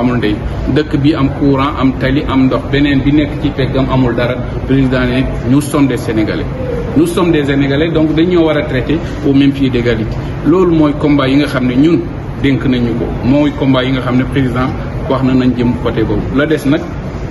amul ndey dëkk bi am courant am tali am ndox beneen bi nekk ci peggam amul dara président ne nous sommes des sénégalais nous sommes des sénégalais donc dañoo war a traité au même pied d'égalité loolu mooy combat yi nga xam ne ñun dénk nañu ko mooy combat yi nga xam ne président wax na nañ jëm côté boobu la des nag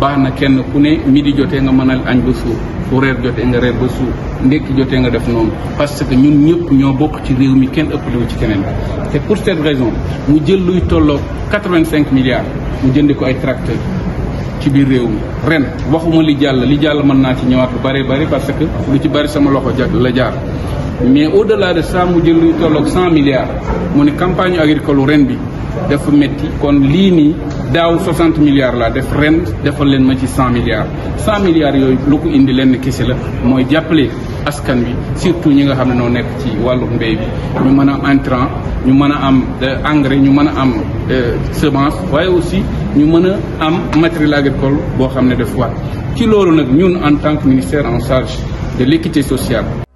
baax na kenn ku ne di jotee nga mënal añ ba suur bu reer jotee nga reer ba suur ndékki jotee nga def noonu parce que ñun ñëpp ñoo bokk ci réew mi kenn ëpp ëppalewu ci keneen te pour cette raison mu jël luy tolloo quatre-vingt-cinq milliards mu jënd ko ay tracteur ci biir réew mi ren waxuma li jàll li jàll mën naa ci ñëwaat lu bëree bëri parce que lu ci bëri sama loxo jag la jaar mais au delà de ça mu jël luy tolloog cent milliards mu ne campagne agricole ren bi dafa métti kon lii nii daaw 60 milliards laa def ren defal leen ma ci 100 milliards 100 milliards yooyu lu ko indi lenn kese la mooy jàppale askan wi surtout ñi nga xam ne noo nekk ci wàllum mbéy bi ñu mën a am intrant ñu mën a am euh, engrais ñu mën a am euh, semence waaye aussi ñu mën a am matériel agricole boo xam ne def waat ci loolu nag ñun en tant que ministère en charge de l'équité sociale